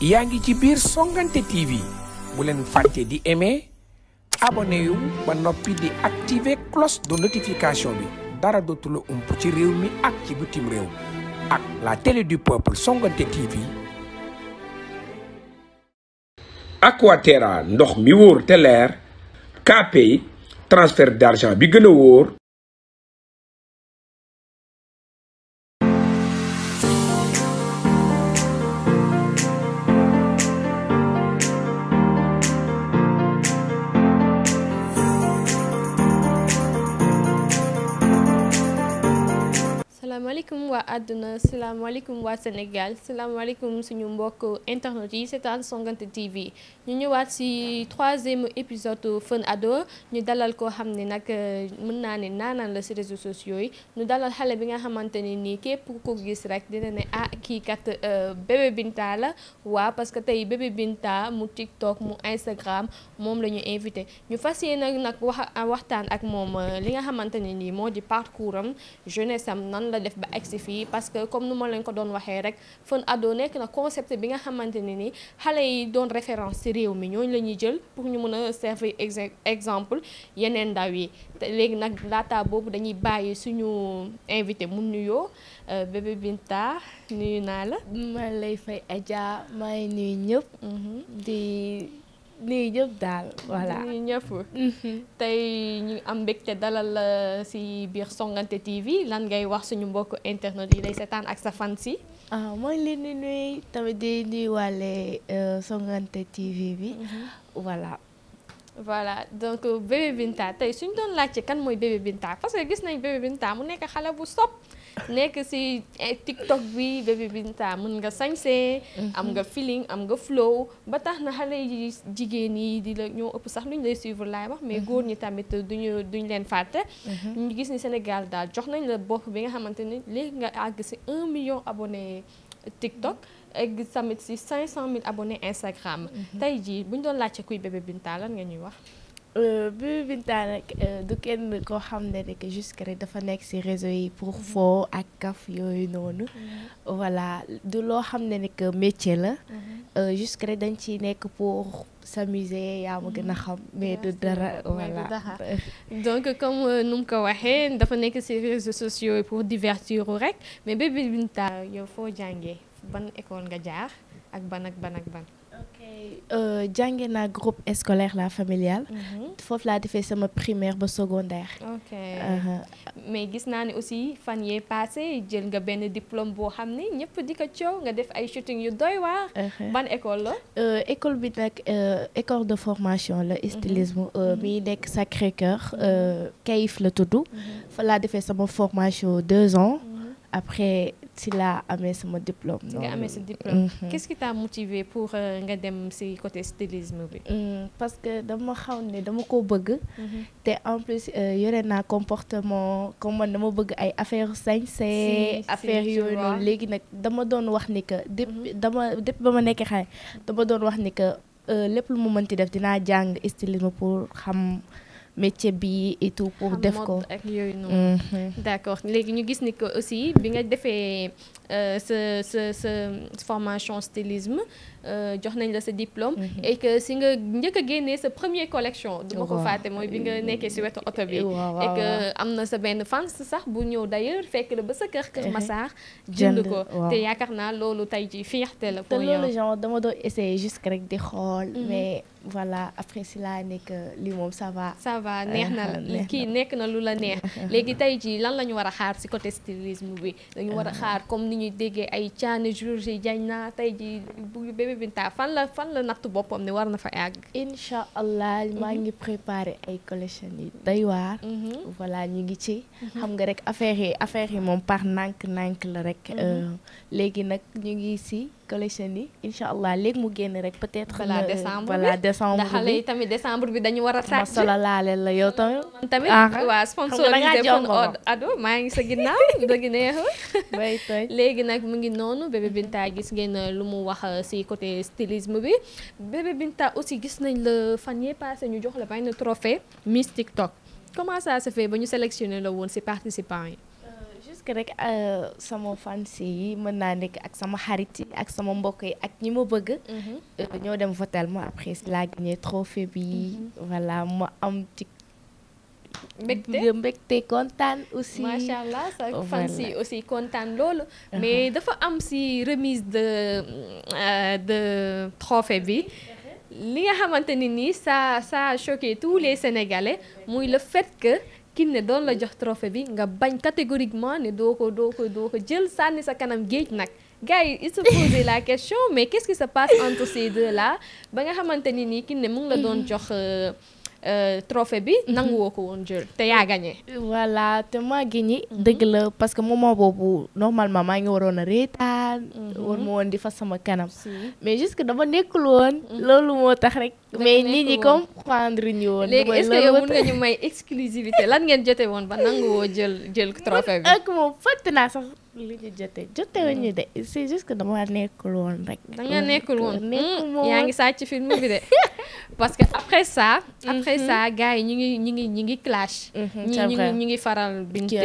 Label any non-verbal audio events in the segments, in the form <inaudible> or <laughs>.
yaa ngi ci biir Songuanté TV bu leen fàtte di aimer abonné yu ba noppi di activer cloche de notification bi dara dootu la ump ci réew mi ak ci butim réew ak la télé du peuple Songuanté TV. Aquaterra ndox mi wóor te leer KPay transfert d'argent bi gën a wóor. salaamaaleykum waa àdduna salaamaaleykum waa Sénégal salaamaaleykum suñu mbokk internet yi seetaan Songuanté TV ñu ñëwaat ci troisième épisode Fun Ado ñu dalal koo xam ni nag euh, mën naa ne naanaan la ci réseaux sociaux yi ñu dalal xale bi nga xamante ne nii képp ku ko gis rek dina ne ah kii kat euh, bébé Binta la waa parce que tey bébé Binta mu TikTok mu Instagram moom la ñu invité ñu fas yéene nag wax waxtaan ak moom euh, li nga xamante ne nii moo di parcours am jeunesse am nan la. def ba agsi fii parce que comme nu ma leen ko doon waxee rek Fun Ado nekk na concept bi nga xamante ne ni xale yi doon référence ci réew mi ñooñu la ñuy jël pour ñu mën a servir exemple yeneen ndaw yi te léegi nag laata boobu dañuy bàyyi suñu invité mun nuyoo euh, bébé Binta nuyu naa la. ma lay fay Adja maa ngi nuyu ñëpp mm-hmm. di. lii yëpp daal voilà lii ñëpp. Mhm. tey ñu am mbégte dalal la si biir Songuanté TV lan ngay wax suñu mbokk internet yi lay seetaan ak sa fan si mooy leen di nuyu tamit di nuyuwaale euh, Songuanté TV bi mhm. voilà. voilà donc bébé Binta tey suñ doon laajte kan mooy bébé Binta parce que gis nañ bébé Binta mu nekk xale bu sopp nekk si eh, TikTok bi bébé Binta mën nga sañsee mhm. am nga feeling am nga flow ba tax na xale yi jigéen yi di la ñoo ëpp sax lu ñu lay suivre laay wax mais mhm. góor ñi tamit duñu duñ leen fàtte mhm. ñu gis ni Sénégal daal jox nañ la bopp bi nga xamante ni léegi nga àgg si un million abonné TikTok egg tamit si cinq cent mille abonné Instagram tey jii bu ñu doon laajte kuy bébé Binta lan nga ñuy wax Bubu euh, Binta nag euh, du kenn koo xam ne que jusque dafa nekk ci réseau yi pour mhm. foo ak kaf yooyu noonu. Mhm. voilà du loo xam ne que métier la. Mhm. Euh, jusque rek dañ ci nekk pour s'amuser yaa ma gën a xam. mais du dara voilà. <laughs> donc comme nu mu ko waxee dafa nekk ci réseaux sociaux yi pour divertir rek mais Bubu Binta yow foo jàngee ban école nga jaar ak ban ak ban ak ban. Euh, jànge naa groupe scolaire la familial. Mhm. foofu laa defee sama primaire ba secondaire. ok mais gis naa ne aussi fan yee passé jël nga benn diplôme boo xam ne ñëpp di ko coow nga def ay shooting yu doy waar. ban école la. Euh, école bi nag euh, école de formation la mhm. stylisme bi mhm. nekk Sacré Cœur Kayif la tudd. fa laa defee sama formation deux ans après. si laa amee sama diplôme. si nga amee sa diplôme. Mhm. qu'est-ce qui t'a pour euh, nga dem si côté stylisme bi. Mm, parce que dama xaw ni dama ko bëgg. Mhm. te en plus euh, yore naa comportement comme man dama bëgg ay affaire sañse affaire yooyu noonu léegi nag dama doon wax ni que. depuis mhm. dama depuis ba ma nekk xale dama doon wax ni que euh, lépp lu mu mënti def dinaa jàng stylisme pour xam. métier bi et tout pour def ko ak yooyu noonu mhm. d'accord léegi ñu gis ni ko aussi bi nga defee euh, sa sa sa formation stylisme euh, jox nañ la sa diplôme mhm. et que si nga njëkk a génnee sa premier collection duma ko fàtte mooy bi nga nekkee si wetu oto bi et que am na sa benn fans sax bu ñëw d'ailleurs fekk la ba sa kër kër eh, Massar jënd ko te yaakaar naa loolu tey ji fierté la pour yow te dama doon essayer juste rek di xool mhm. mais voilà après si laa nekk lii moom sava va. Euh, neex na la kii nekk na lu la neex. <laughs> léegi tey jii lan la ñu war a xaar si côté stylisme bi. dañu war a euh. xaar comme ni ñuy déggee ay caani jour ji jañ naa tey jii bu bébé Binta fan la fan la natt boppam ne war na fa àgg. incha allah mhm. maa ngi préparé ay collection yi day waar. Mhm. voilà ñu ngi ci. Mhm. xam nga rek affaire yi affaire yi moom par nànk nànk la rek. Euh, léegi nag ñu ngi si. collection yi incha allah léegi mu génn rek peut-être. balaa décembre bi balaa décembre bi xale yi tamit décembre bi dañu war a. sàcc masala laaleel la yow tamit. tamit ah. waa sponsorisé fon ado maa ngi sa ginnaaw <laughs> dëgg neex. <laughs> léegi nag mu ngi noonu bébé Binta gis ngeen uh, lu mu wax uh, si côté stylisme bi bébé Binta aussi gis nañ la fan yee passé ñu jox la benn trophée Miss TikTok comment ça se ba ñu sélectionné la woon si participants yi. que rek euh, sama fans yi mën naa nekk ak sama xarit yi ak sama mbokk yi ak ñi ma bëgg. Mhm. Euh, ñoo dem votel ma après si laa gagné trophée bi. Mhm. voilà ma am ci. mbégte mbégte kontaan aussi. macha allah sa fan aussi kontaan loolu. mais uh-huh. dafa am si remise de euh, de trophée bi. Uh-huh. li nga xamante ne nii ça sa a choqué tous les sénégalais muy le fait que. kin ne doon la jox trophée bi nga bañ catégoriquement ne doo ko doo ko doo ko jël sànni sa kanam géej nag gars yi il se posait la question mais qu'est-ce qui se passe entre ces deux là ba nga xamante ni nii kin ne mu ngi la doon mm-hmm. jox. Euh, Euh, trophée bi mhm. nangu ko woon jël te yaa gagné. voilà te maa gagné. Mhm. dëgg la parce que moment boobu normalement maa ngi waroon a reetaan. Mhm. war ma woon di fa sama kanam. mais juste que dama nekkul woon. moo tax rek. mais nit ñi comprendre ñu woon. léegi est-ce que lan ngeen jote woon ba nangu woo jël jël trophée bi. ak moom fàtte naa sax. li ñu jotee jote wu ñu de c'est juste que dama nekkul woon rek. da nga nekkul woon hmm, yaa ngi sàcc film bi de. <laughs> parce que après ça. après mhm. ça gars yi ñu ngi ñu ngi ñu ngi clash. Mhm, ñu ngi ñu mhm. ngi faral. Binta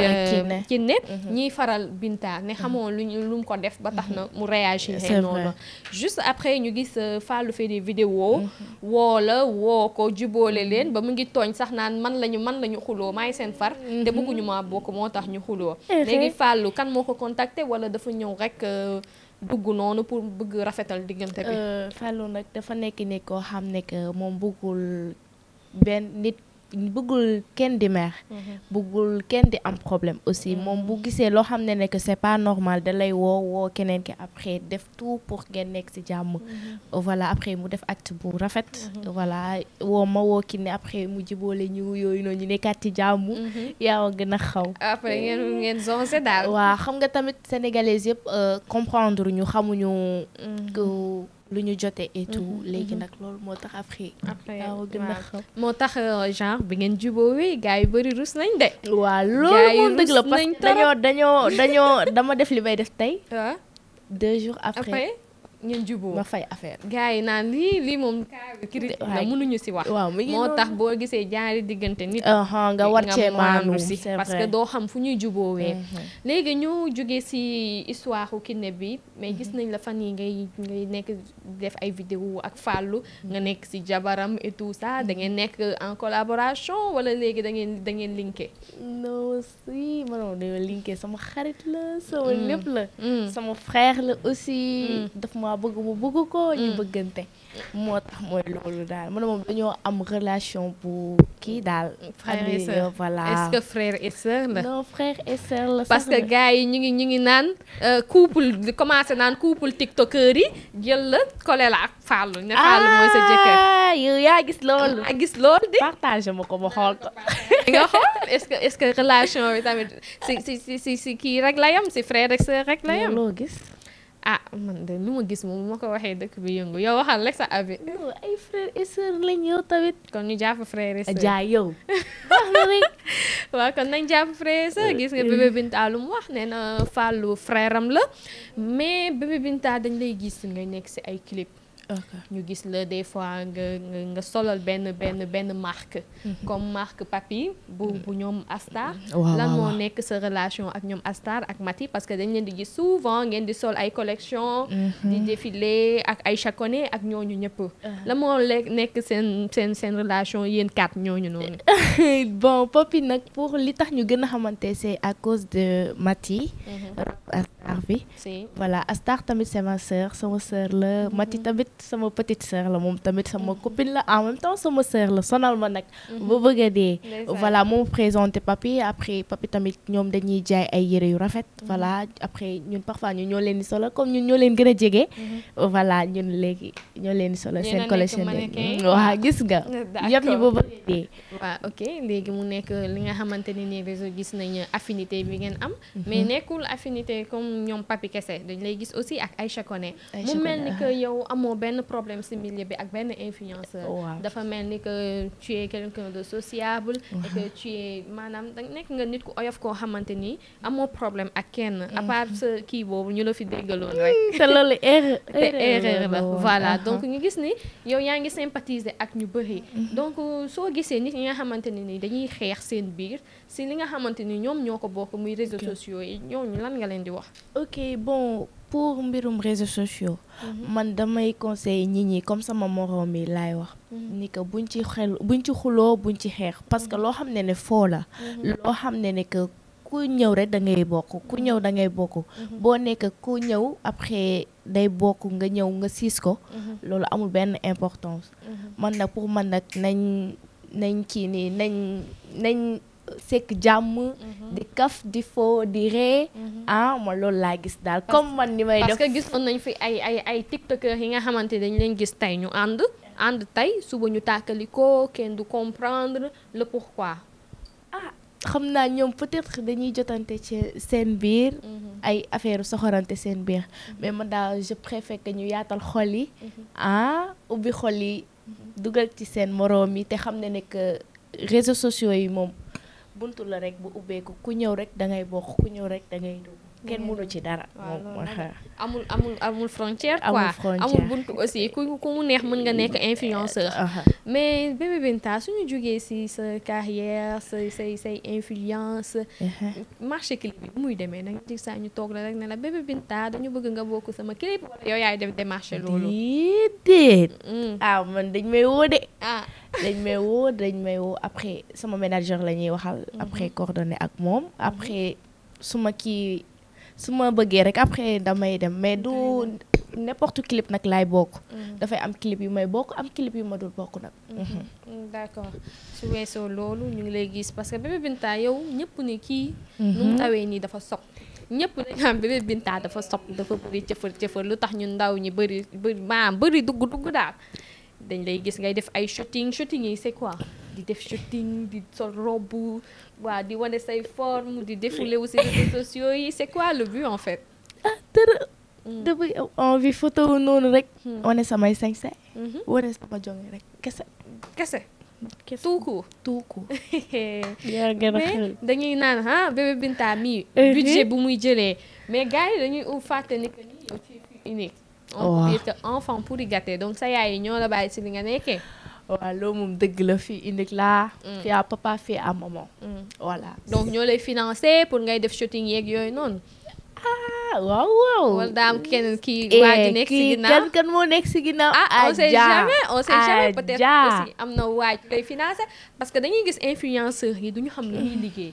Kiné ñiy faral Binta ne xamoo lu ñu lu ko def ba tax na mu réagir. noonu juste après ñu gis euh, falu fait des vidéos. woo woo ko juboole leen ba mu ngi tooñ sax naan man lañu man lañu xuloo maay seen far. te bëgguñu ma bokk moo tax ñu xuloo. léegi Fallou kan moo ko contacté wala dafa ñëw rek. Euh, dugg noonu pour bëgg rafetal diggante bi. Euh, Fallou nag dafa nekk ni koo xam ne que moom bëggul benn nit. bëggul kenn di mer. Mhm. bëggul kenn di am problème aussi mhm. moom bu gisee loo xam ne ne que c'est pas normal da lay woo woo keneen ki après def tout pour ngeen nekk ci jàmm. Mhm. voilà après mu def acte bu rafet. voilà woo ma woo ki ne après mu jiboole ñu yooyu noonu ñu nekkaat ci jàmm. yaa gën a xaw. après ngeen ngeen zonse daal. waaw xam nga tamit sénégalais yëpp euh, comprendre ñu xamuñu. lu ñu jotee et mhm, léegi mhm. nag loolu moo tax après. moo tax euh, genre bi ngeen jubóowee gars yu bëri rus nañ de. waaw loolu moom dëgg la parce dañoo dañoo dama def li may def tey. <laughs> deux jours après. ngeen juboo ma fay affaire gars yi naan lii lii moom critique la mënuñu si wax moo tax boo gisee jaari diggante nit uh-huh, nga war cee maanu si parce que doo xam fu ñuy juboowee mm-hmm. léegi ñu jógee si histoire Kiné bi mais gis mm-hmm. nañ la fan yi ngay ngay nekk def ay vidéo ak Fallou nga mm-hmm. nekk si jabaram et tout ça da nekk en collaboration wala léegi dangeen dangeen da ngeen sama xarit la sama lépp la sama frère la aussi daf ma maa bëgg mu bëgg ko. ñu mm. bëggante. moo tax mooy loolu daal man moom dañoo am relation bu kii daal. frère et sœur la. parce que gars yi ñu ngi ñu ngi naan euh, couple commencé naan couple tiktokeur yi jël la collé la ak Fallou ne Fallou mooy sa jëkkër. Ah, yaa gis loolu. yaa ah, gis loolu de. partagé ma ko ma xool ko. <laughs> nga xool est-ce que est-ce que relation bi tamit si si si kii rek la yam si frère et rek la yam. loo gis. ah man de lu ma gis moom ma ko waxee dëkk bi yëngu yow waxal rek sa avis. non ay frères et lañ yow tamit. kon ñu jàpp frères et sœurs jaay yow. wax <laughs> kon nañ jàpp frères et sœurs gis nga bébé Binta lu mu wax nee na fàllu frère am la mais bébé Binta dañ lay gis ngay nekk si ay clip. ñu gis la des fois nga nga solal benn benn benn marque. Mhm. comme marque papi bu bu ñoom Astar. Mhm. la moo nekk sa relation ak ñoom Astar ak Mati parce que dañ leen di gis souvent ngeen di sol ay collection mhm. di défilé ak ay chaconné ak ñooñu ñëpp. lan moo nekk seen seen seen relation yéen quatre ñooñu noonu. <laughs> bon Popi nag pour li tax ñu gën a xamante c'est à cause de Mati. Astar tamit c'est ma sama sœur la Mati tamit. sama petite sœur la moom tamit sama mhm. copine la en même temps sama sœur la sonal ma nag. Mhm. ba bëgg a dee. voilà moom présenté papi après papi tamit ñoom dañuy jaay ay yëre yu rafet. Mhm. voilà après ñun parfois ñun ñoo leen di solo comme ñun ñoo leen gën a jege. voilà ñun léegi ñoo leen di solo seen collection de <laughs> waaw gis nga. yëpp ñu ba bëgg a dee. waaw ok léegi mu nekk li nga xamante ne nii réseau gis nañu affinité bi ngeen am. mais nekkul affinité comme ñoom papi kese dañ lay gis aussi ak Aïcha benn problème similier bi ak benn influenceur oh, dafa mel ni que tu es quelqu'un de sociable et que tu maanaam da nekk nga nit ku oyof koo xamante nii amoo problème ak kenn à sa mm-hmm. kii boobu ñu la fi déggaloon rek <laughs> te loolu erreur <laughs> erreur la voilà uh-huh. donc ñu gis ni yow yaa ngi sympathiser ak ñu bëri mm-hmm. donc euh, soo gisee nit ñi nga xamante ne nii dañuy xeex seen biir si li nga xamante ni ñoom ñoo ko bokk muy réseaux sociaux yi ñooñu lan nga leen di wax. ok bon pour mbirum réseaux sociaux. Mhm. man damay conseiller nit ñi comme sama moroom yi laay wax. Mhm. ni que buñ ci xel buñ ci xuloo buñ ci xeex parce que mhm. loo xam ne ne foo la. loo xam ne ne que ku ñëw rek da bokk ku ñëw dangay bokk. boo nekk ku ñëw après day bokk nga ñëw nga siis ko. loolu amul benn importance. man nag pour man nag nañ nañ kii nii nañ nañ. sekk jàmm. Mhm. di kaf di fo di ree. Mhm. ah man loolu laa gis daal comme man ni may def. parce que gisoon nañ fi ay ay ay tiktokeur yi nga xamante dañ leen gis tey ñu ànd. ànd tey suba ñu tàkkali ko kenn du comprendre le pourquoi. ah xam naa ñoom peut dañuy jotante ci seen biir. Mhm. ay affaire soxorante seen biir. mais man daal je préfère ñu yaatal xol yi. ah ubbi xol yi. dugal ci seen moroom yi te xam ne ne que sociaux yi moom. buntu la rek bu ubbeeku ku ñëw rek da bokk ku ñëw rek da ngay kenn mënu ci dara. amul amul amul frontière quoi amul buntu aussi ku mu neex mën nga nekk influenceur. Eh, mais Bébé Binta ñu jógee si sa carrière sa say say influence. marché clip bi muy demee nag ci saa ñu toog la rek ne la Bébé Binta dañu bëgg nga bokk sama clip wala yow yaay de marché loolu. déedéet. Mm. ah man dañ may woo de. ah dañ may woo dañ may woo après sama manager la ñuy waxal. Mm-hmm. après coordonné ak moom après mm-hmm. suma kii. su ma bëggee rek après damay dem mais du n'importe clip nag laay bokk. Mm. dafay am clip yu may bokk am clip yu ma dul bokk nag. Mm-hmm. Mm-hmm. d'accord su weesoo loolu ñu ngi lay gis parce que bébé Binta yow ñëpp ni kii. Mm-hmm. nu mu tawee nii dafa sob ñëpp dañ naan dafa sob dafa bëri cëfër cëfër lu tax ñu ndaw ñi bëri bëri maam bëri dugg dugg daal dañ lay gis ngay def ay shooting shooting yi c'est quoi. di def shooting di sol robu waa di wane say forme di défouler wu si réseaux sociaux yi c'est le but en fait. ah dara. Hmm. damay envie photo wu noonu rek. Hmm. wane samay sañse. Mhm. wane sama jonge rek kese. kese. tout court tout court. <laughs> yaa a dañuy naan ah bébé Binta mii. Mhm. bu muy jëlee mais gars yi dañuy fàtte ni que ni yow tu oh. enfant pour y gâter donc sa yaay yi ñoo la bàyyi si li nga nekkee. waaw loolu moom dëgg la fii indik laa. Mm. fii à papa fii à maman. Mm. voilà donc ñoo lay financé pour ngay def shooting yeeg yooyu noonu. ah waaw waaw. wala daa kenn kii eh, waa ji nekk si ginnaaw kan kan moo nekk si ginnaaw. ah on sait jamais on sait jamais peut-être aussi am na waaj lay parce que dañuy gis influenceurs yi du ñu xam lu liggéey.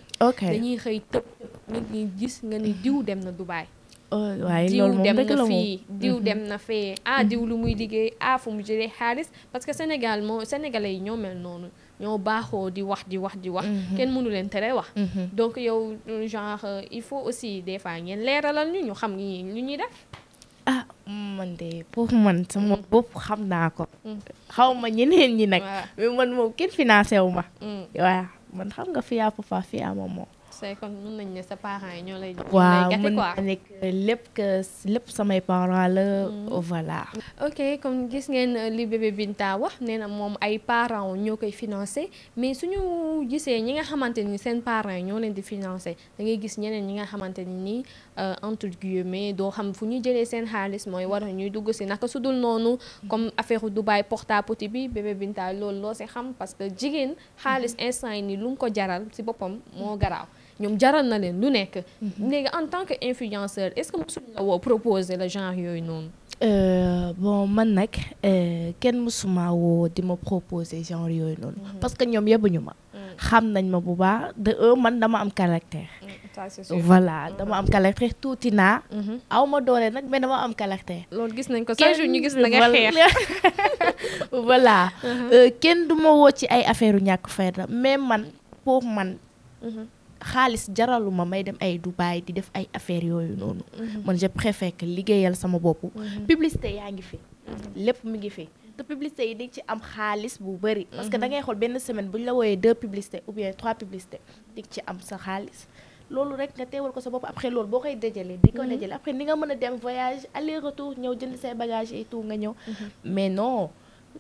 dañuy xëy tëb nit ñi gis nga ni diw dem na Dubaï. waaye loolu moom dëgg la diw dem na fii diw fee ah diw lu muy liggéey afu mu jëlee xaalis parce que Sénégal moo sénégalais yi ñoo mel noonu ñoo baaxoo di wax di wax di wax. Mhm. kenn mënu leen tere wax. Mhm. donc yow genre euh, il faut aussi des fois ngeen leeralal ñu ñu xam ñi ñu ñuy def. ah man de pour man sama mhm. bopp xam naa ko. xaw ma ñeneen ñi nag. mais man moom kenn financé wu ma. man xam nga fi yaa papa fi yaa maman kon mën nañ ne sa parent yi ñoo lay. waaw mën naa nekk lépp que lépp samay parents la mm-hmm. voilà. ok comme gis ngeen euh, li bébé Binta wax nee na moom ay parents ñoo koy financé mais suñu gisee ñi nga xamante ni seen parents yi ñoo leen di financé dangay gis ñeneen ñi nga xamante ni nii euh, entre mais doo xam fu ñu jëlee seen xaalis mooy war a ñuy dugg si naka su dul noonu mm-hmm. comme affaire du porte-à-porte bi bébé Binta loolu loo si xam parce que jigéen mm-hmm. xaalis instant yi nii lu ko jaral si boppam moo ñoom jaral na leen lu nekk. Mhm. léegi en tant que influenceur est-ce que mosuñu la woo proposer le genre yooyu noonu. Euh, bon man nag euh, kenn mosuma woo di ma proposer genre yooyu noonu. Mhm. parce que ñoom yëbuñu ma. Mm. xam nañ ma bu baax de man dama am caractère. Mm, voilà mm. dama am caractère tuuti naa. Mhm. aw ma doole nag mais dama am caractère. loolu gis nañ ko chaque jour ñu gis na nga xeex. <laughs> voilà euh, kenn du ma ci ay affaire u ñàkk fayda mais man pour man. xaalis jaraluma may dem ay Dubaï di def ay affaires yooyu noonu. Mhm. man je préfère que liggéeyal sama bopp. Mhm. publicité yaa ngi fi. Mhm. lépp mu ngi fi. te publicité yi di ci am xaalis bu bëri. parce que da ngay xool benn semaine bu ñu la wooyee deux publicités ou bien trois publicités di ci am sa xaalis. loolu rek nga teewal ko sa bopp après loolu boo koy dajalee. di ko dajalee après ni nga mën a dem voyage aller retour ñëw jënd say bagage et nga ñëw. mais non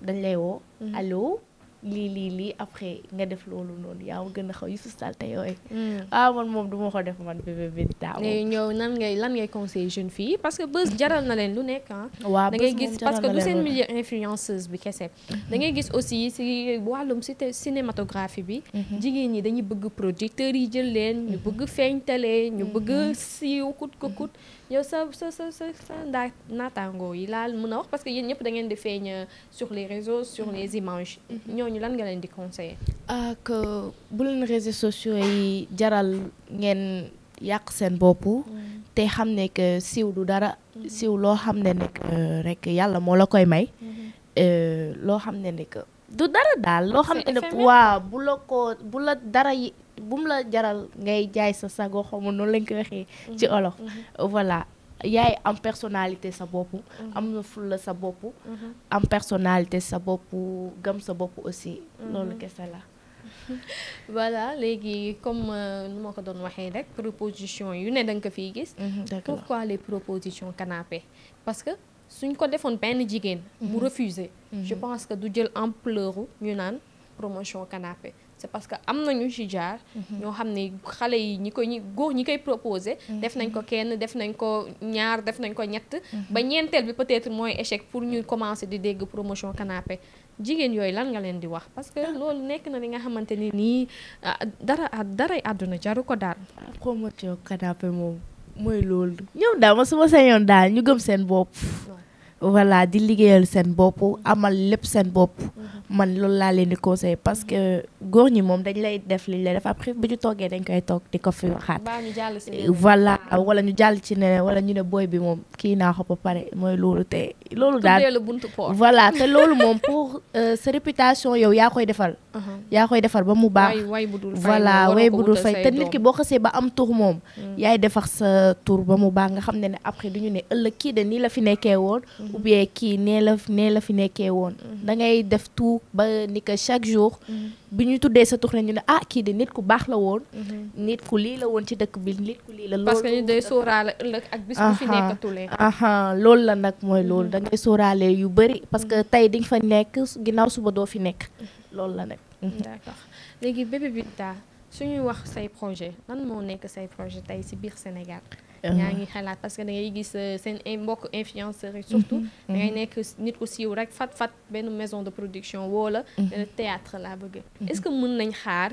dañ lay woo. allo. lii lii lii après nga def loolu noonu yaa ma gën a xaw Youssouf Salte yooyu. Mm. ah man moom du ma ko def man bébé bi daaw. ngay ñëw nan ngay lan ngay conseil jeune fii parce que bés jaral na leen lu nekk ah. waaw da ngay gis parce que du seen milieu influenceuse bi kese. Mhm. da ngay gis aussi si wàllum cinématographie bi. Mhm. jigéen ñi dañuy bëgg producteurs yi jël leen. ñu mhm. bëgg feeñtale ñu bëgg siiw kut ko kut. yow sa sa sa sa sa ndaa naataangoo yi laal mën a wax parce que yéen ñëpp da ngeen di feeñ euh, sur les réseaux sur mm-hmm. les images mm-hmm. ñooñu lan nga leen di conseiller ah bu leen réseaux sociaux yi jaral ngeen yàq seen bopp mm-hmm. te xam ne que siiw du dara siw loo xam ne nekk euh, rek yàlla moo la koy may loo xam ne nekk du dara daal loo xam ne waaw bu la ko bu la dara yi bum la jaral ngay jaay sa sago xawma noonu lañ koy waxee mhm. ci olof mhm. voilà yaay am personnalité sa bopp mhm. am na fulla sa bopp am personnalité sa bopp gëm sa bopp aussi loolu kese la <laughs> voilà léegi comme euh, nu ma ko doon waxee rek proposition yu ne da ko fi gis pourquoi les propositions canapé parce que suñ ko defoon benn jigéen mu refuser je pense que du jël ampleur ñu naan promotion canapé c'est parce que am na ñu ci jaar. Mhm. ñoo xam ne xale yi ñi ko ñi góor ñi koy proposé. Mhm. def nañ ko kenn def nañ ko ñaar def nañ ko ñett. Mhm. ba ñeenteel bi peut-être mooy échec pour ñu commencer di dégg promotion kanaape jigéen yooyu lan nga leen di wax parce que ah. loolu nekk na li nga xamante ni nii ah, dara ah, daray àdduna jaru ko daal. promotion canapé moom mooy loolu. ñoom daal ma su ma sañoon daal ñu gëm seen bopp. voilà di liggéeyal seen bopp amal lépp seen bopp man loolu laa leen di conseillé parce que góor ñi moom dañ lay def liñ lay def après bu ñu toogee dañ koy toog di ko fi waxaat voilà wala ñu jàll ci ne wala ñu ne booy bi moom kii naa ko ba pare mooy loolu te loolu daal voilà te loolu moom pour euh, sa réputation yow yaa koy defal uh-huh. yaa koy defar ba mu baax voilà way bu dul fay te nit ki boo xasee ba am tur moom mm. yaay defar sa tur ba mu baax nga xam ne ne après du ñu ne ëllëg kii de nii la fi nekkee woon ou bien kii nee la nee la fi nekkee woon mhm. da ngay def tout ba ni que chaque jour mhm. bi ñu tuddee sa tournée ñu ne ah kii de nit ku baax la woon mhm. nit ku lii la woon ci dëkk bi nit ku lii la parce que ñu day sóoraale ëllëg ak bis bu fi nekkatulee aha loolu la nag mooy loolu da ngay yu bëri parce que tey di fa nekk ginnaaw suba doo fi nekk loolu la nag léegi bébé bi taa su suñuy wax say projet lan moo nekk say projet tey ci biir Sénégal ñaa uh-huh. ngi xalaat parce que da ngay gis euh, seen mbokk influenceurs yi surtout mm-hmm. da ngay mm-hmm. nekk nit ku siiw rek fat fat benn maison de production woo la mm-hmm. euh, théâtre laa bëgg est-ce que mën nañ xaar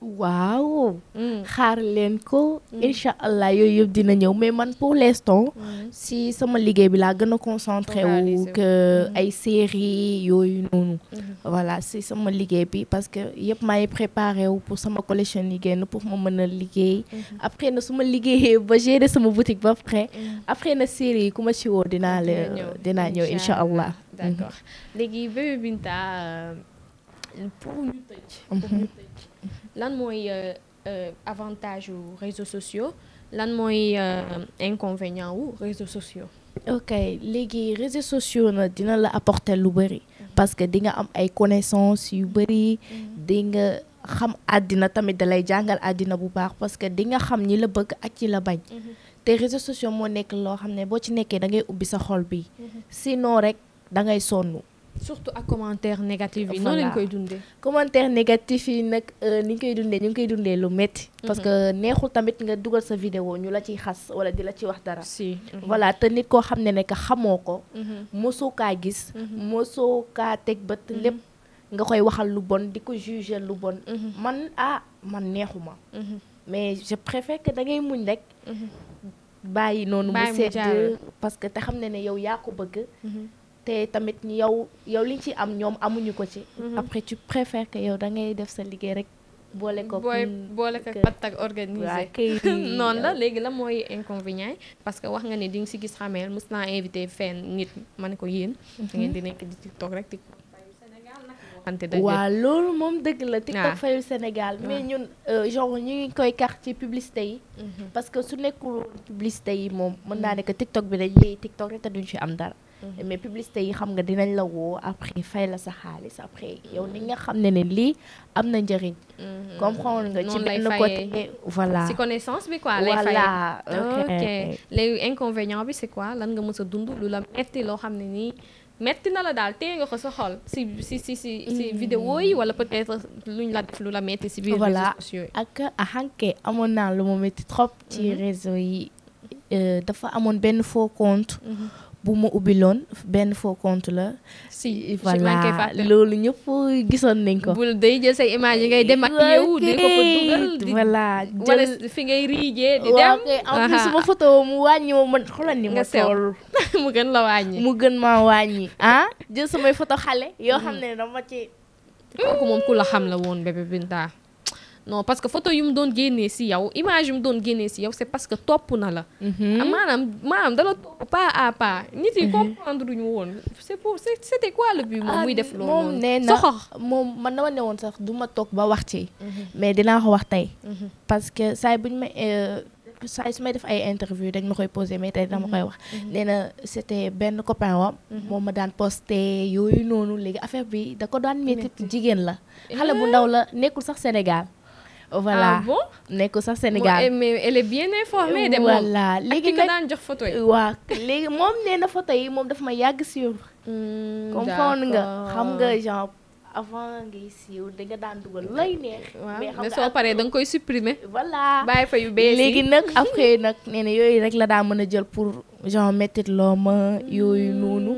waaw. Mm. xaar leen ko. Mm. incha allah yooyu yëpp dina ñëw mais man pour les l'instant. Mm. si sama liggéey bi laa gën a concentré wu. que ay série yooyu noonu. Mm-hmm. voilà si sama liggéey bi parce que yëpp maay préparé wu pour sama collection yi génn pour ma mën a liggéey. Mm-hmm. après na su ma liggéeyee ba gérer sama boutique ba après. Mm-hmm. après na série yi ku ma ci woo dinaa la dinaa ñëw incha allah. pour mhm. lan mooy euh, euh, avantage wu réseaux sociaux lan mooy euh, inconvénient wu réseaux sociaux ok léegi réseaux sociaux na dina la apporter lu bëri mhm. parce que di nga am ay connaissances yu bëri mhm. di nga xam àddina tamit da lay jàngal àddina bu baax parce que di nga xam ñi la bëgg ak ci la bañ te réseaux sociaux moo nekk loo xam ne boo ci nekkee da ngay ubbi sa xol bi sinon rek da ngay sonn surtout ak commentaire négative yi. noonu lañ koy dundee commentaire négatif yi nag euh, ni ñu koy dundee ñu koy dundee lu métti. Mhm. parce que neexul tamit nga dugal sa video ñu la ciy xas wala di la ci wax dara. si mhm. voilà te nit koo xam ne ne que xamoo ko. Mhm. mosoo kaa gis. mosoo kaa teg bët lépp. nga koy waxal lu bon di ko juger lu bon. man ah man neexuma. mais je préfère que da ngay muñ rek. bàyyi noonu mu sedd parce que te xam ne ne yow yaa ko bëgg. te tamit yow yow li ñu ci am ñoom amuñu ko ci. Mhm. après ci préfères que yow da ngay def sa liggéey rek. boole ko booy boole ko patak organisé <laughs> noonu la léegi la mooy inconvénient parce que wax nga ne di nga si gis xameel mës naa invité fen nit ma ne ko yéen. da mhm. ngeen di nekk di tiktok rek di. waaw loolu moom dëgg la TikTok fayul Sénégal mais ñun euh, genre ñu ngi koy kar ci publicité yi mhm. parce que su nekkul publicité yi moom mën naa ne que TikTok bi dañ yéey TikTok rek te duñ ci am dara Mm-hmm. mais publicité yi xam nga dinañ la woo après fay la sa xaalis après mm-hmm. yow ni nga xam ne ne lii am na njëriñ. Mm-hmm. comprendre nga ci benn côté voilà. ci connaissance bi quoi lay fay voilà ok bi c'est quoi lan nga mës a dund lu la metti loo xam ne nii. metti na la daal téye nga ko sa xol si si si si si vidéo yi wala peut-être luñ la def lu la metti si biir réseaux sociaux yi ak axanke amoon naa lu ma metti trop ci réseau yi euh, dafa amoon benn foo compte bu ma ubbi loon benn foo compte la. si voilà loolu ñëpp gisoon nañ ko. bul day jël say image yi ngay dem ak yow. di ko fa dugal voilà jël fi ngay riijee di dem. en plus su photo mu wàññi ma man xoolal ni ma toll. <laughs> mu gën la wàññi. mu gën maa wàññi. ah jël samay photo xale. yoo xam mm. ne dama ci. Mm. kooku moom ku la xam la woon bébé Binta. non parce que photo yu mu doon génnee si yow image yu doon génnee si yow c'est parce que topp na la. Mm-hmm. Ah, maanaam maanaam dala topp pas à pas. nit yi mm-hmm. comprendre duñu woon c'est pour c'était quoi le but moom ah, moom nee na moom woon sax du ma toog ba wax ci. Mm-hmm. mais dinaa ko wax tey. parce que saa buñ ma euh, saa su may def ay interview dañ ma koy posé mais tey dama koy wax. nee na c'était benn copain wam moom ma daan posté yooyu noonu léegi affaire bi da ko daan métti jigéen la. Eh. xale bu ndaw la nekkul sax Sénégal. voilà ah nekk sax Sénégal eh, mais elle est bien informée de voilà léegi nag daan jox photo yi léegi moom nee na photo yi moom daf ma yàgg suivre hmm, comprendre nga xam nga genre avant ngay siiw da daan dugal lay neex mais xam nga da nga koy supprimer voilà bàyyi yu bees léegi nag après nag nee na yooyu rek la daa mën a jël pour genre mettit loo ma yooyu hmm. noonu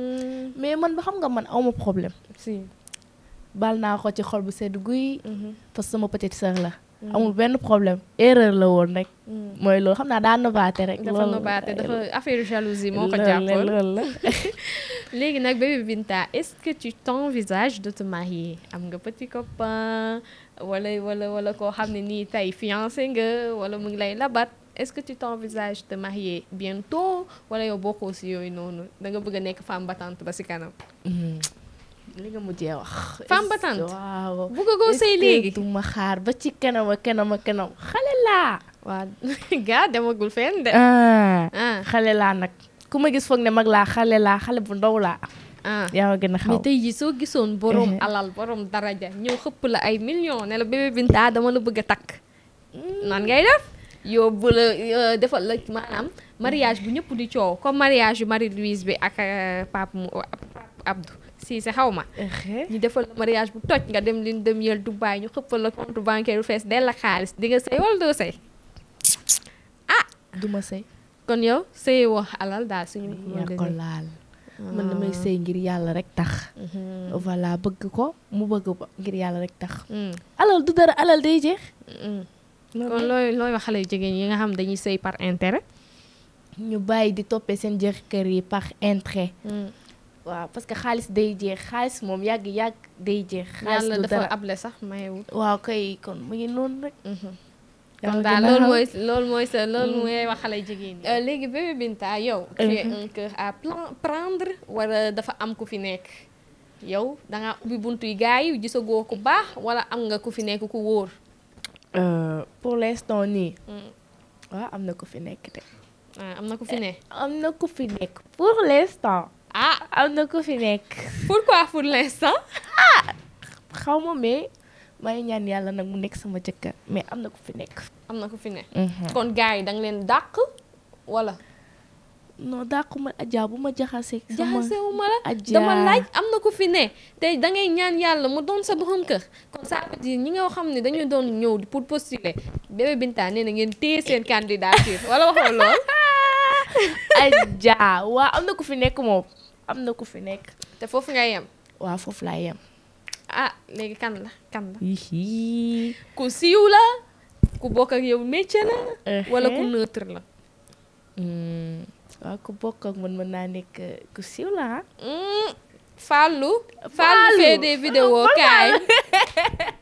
mais man ba xam nga man awma problème si naa ko ci xol bu sedd guy mhm. parce que sama petite sœur la Mm. amul benn problème erreur la woon rek. Mm. mooy loolu xam naa daa nëbaate rek. dafa nëbaate dafa affaire jalousie moo ko jàppoon loolu la <laughs> léegi nag bébé Binta est-ce que tu visage de te marier am nga petit copain wala wala wala koo xam ne nii tey fiancé nga wala mu ngi lay labat est-ce que tu t'envisages de te marier bientôt wala yow bokkoo si yooyu noonu da nga bëgg nekk femme battante ba si kanam. Mm. li nga mujjee wax. femme battante waaw buggagoo sëy léegi du ma xaar ba ci kanam ak kanam ak kanam xale laa. waa <laughs> gaa demagul fenn de. Ah. Ah. xale laa nag ku ma gis foog ne mag laa xale laa xale bu ndaw laa. Ah. yaa ma gën a xaw mais tey jii soo gisoon borom eh. alal borom daraja ñëw xëpp la ay millions ne la bébé Binta dama la bëgg a takk. Hmm. nan ngay def yóbbu la euh, defal la maanaam mariage bu ñëpp di coow comme mariage yu Marie Louise bi ak euh, Pape Abdou. si xaw ma. ñu defal la mariage bu toj nga dem lune de miel Dubaï ñu xëppal la compte bancaire bu fees dell xaalis di nga sëy wala doo sëy. ah duma sëy. kon yow sëy wax alal daal suñu. yaa ko laal ah. man damay sëy ngir yàlla rek tax. Mhm. voilà bëgg ko mu bëgg ko ngir yàlla rek tax. Mm. alal du dara alal day jeex. kon looy looy wax xale jigéen yi nga xam dañuy sëy par intérêt. ñu bàyyi di toppee seen jëkkër yi par intérêt. Mm. waaw parce que xaalis day jeex xaalis moom yàgg yàgg day jeex. xaalis du dara dafa able sax mayewul. waaw kay kon mu ngi noonu rek. Mhm. kon daal loolu mooy loolu mooy sa loolu mooy mm. wax xale jigéen euh, léegi ba Binta yow. yaw es mhm. un cœur dafa am ku fi nekk. yow da ngaa ubbi buntu yi gars yi gisagoo ku baax wala am nga ku fi nekk ku wóor. Euh, pour l'instant nii. waaw mm. ah, am na ku fi nekk de. ah am na ku fi nekk. Eh, am na ku ah am na ko fi nekk. pourquoi pour l'instant. ah xaw ma mais may e ñaan yàlla nag mu nekk sama jëkkër mais am na ku fi nekk. am na ko fi nekk. Mhm. kon gars yi da leen dàq wala. non dàqu ma Adja bu ma jaxasee. jaxasewu ma la am na ku fi ne tey dangay ñaan yàlla mu doon sa borom ka kon ça veut ñi nga xam ne dañu doon ñëw pour postuler Bébé Binta nee na ngeen téye seen candidature wala waxoo lool. Adja <laughs> waa am na ku fi nekk moom. am na ku fi nekk. te foofu nga yem. waaw foofu laa yem. ah léegi kan la kan la. ku siiw la. ku bokk ak yow métier la. wala ku neutre la. Hmm. waaw ku mën naa nekk eh, siiw la ah. Hmm. Fallou. fee des ah, vidéos kaay.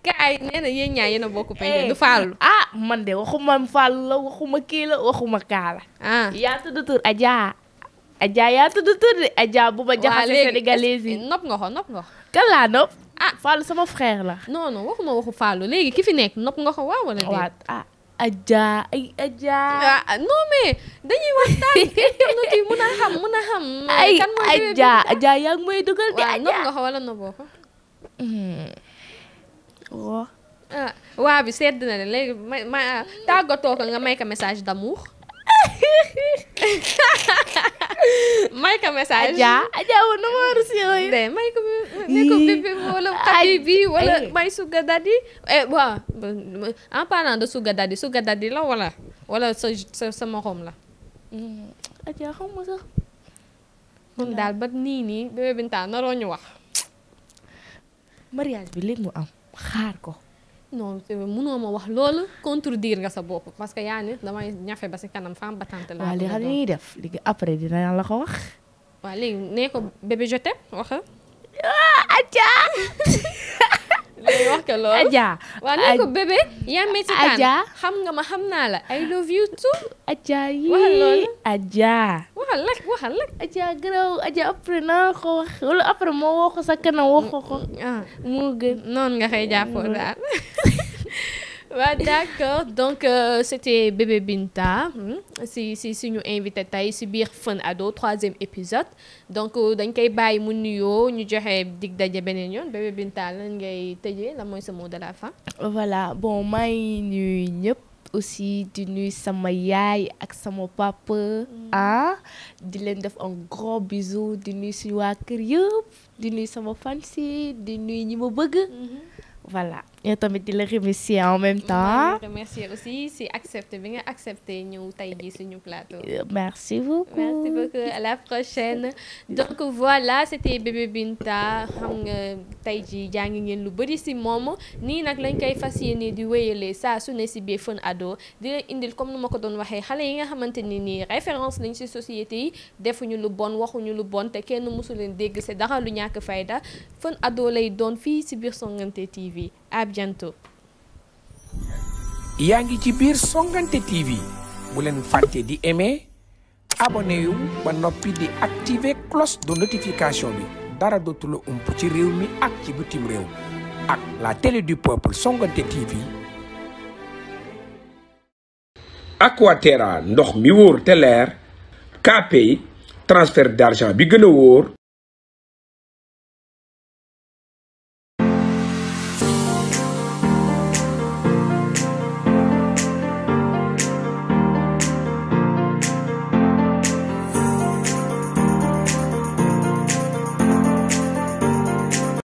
kaay nee na yéen bokk peñe eh. du ah man de waxuma Fallou la waxuma kii la waxuma kaa ah. yaa tudd tur Adja. Adja yaa tudd tudd Adja bu ma jaxase sénégalais nopp nga ko nopp nga ko. kan nopp. ah Fallou sama frère la. non non waxuma waxu Fallou léegi ki fi nekk nopp nga ko waaw wala déet. ah Adja ay Adja. ah mais dañuy waxtaan internet <laughs> yi a nga ko wala noppoo ko. Hmm. Ah, waaw. bi sedd na tàggatoo ko nga may ko message d'amour. may ka message. Adja Adja woon na ma war a si yooyu. de may ko may ko bébé wala xabibi wala may suga daddy. eh waaw en parlant de suga daddy suga daddy la wala wala sa sa sa morom la. Mm, Adja xam nga sax. moom daal ba nii nii bébé Binta naroo ñu wax. mariage bi léegi mu am xaar ko. non mënoo ma wax loolu contredire nga sa bopp parce que yaa ni damay ñafe ba si kanam femme battante la. waaw li xam ñuy def léegi après dina la ko wax. waaw léegi nee ko bébé je t'aime wax. ah <laughs> léegi wax ko loolu Adja waaw ne ko bébé yaa metti taan xam nga ma xam naa la I love you too Adja yi waxal waxal lak waxal lak Adja garaw Adja après naa ko wax wala après moo woo sa kanam wax ko ko ah. moo gën noonu nga xëy jàppoo daal <laughs> waa d' donc euh, c' bébé Binta hmm, si si suñu invité tey si biir fan adoo troisième épisode donc euh, dañ koy bàyyi mu nuyoo ñu joxe dig daje beneen yoon bébé Binta lan ngay tëjee la mooy sa mot de la fin. voilà bon maa ngi nuyu ñëpp. aussi di nuyu sama yaay ak sama papa hmm. ah di leen def un gros bisou di nuyu suñu waa kër yëpp di nuyu sama fansi di nuyu ñi ma bëgg mhm. voilà yow tamit di la remercier en même temps. remercier aussi si accepté bi nga accepté ñëw tey jii suñu plateau. merci beaucoup merci beaucoup à la prochaine. donc voilà c' bébé Binta xam nga euh, tey jii jàngi ngeen lu bëri si moom nii nag lañ koy fas yéene di wéyalee saa su ne si biir Fun Ado di la indil comme nu ma ko doon waxee xale yi nga xamante ni nii référence lañ si société yi defuñu lu bon waxuñu lu bon te kenn mësu leen dégg c' est lu ñàkk fayda Fun Ado lay fii si biir Songuanté TV. à yaa ngi ci biir Songuanté TV bu leen fàtte di aimer abonné ba noppi di activer cloche de notification bi dara dootu la ump ci réew mi ak ci bitim réew ak la télé du peuple Songuanté TV. Aquaterra ndox mi wóor te leer KP transfert d'argent bi gën a wóor.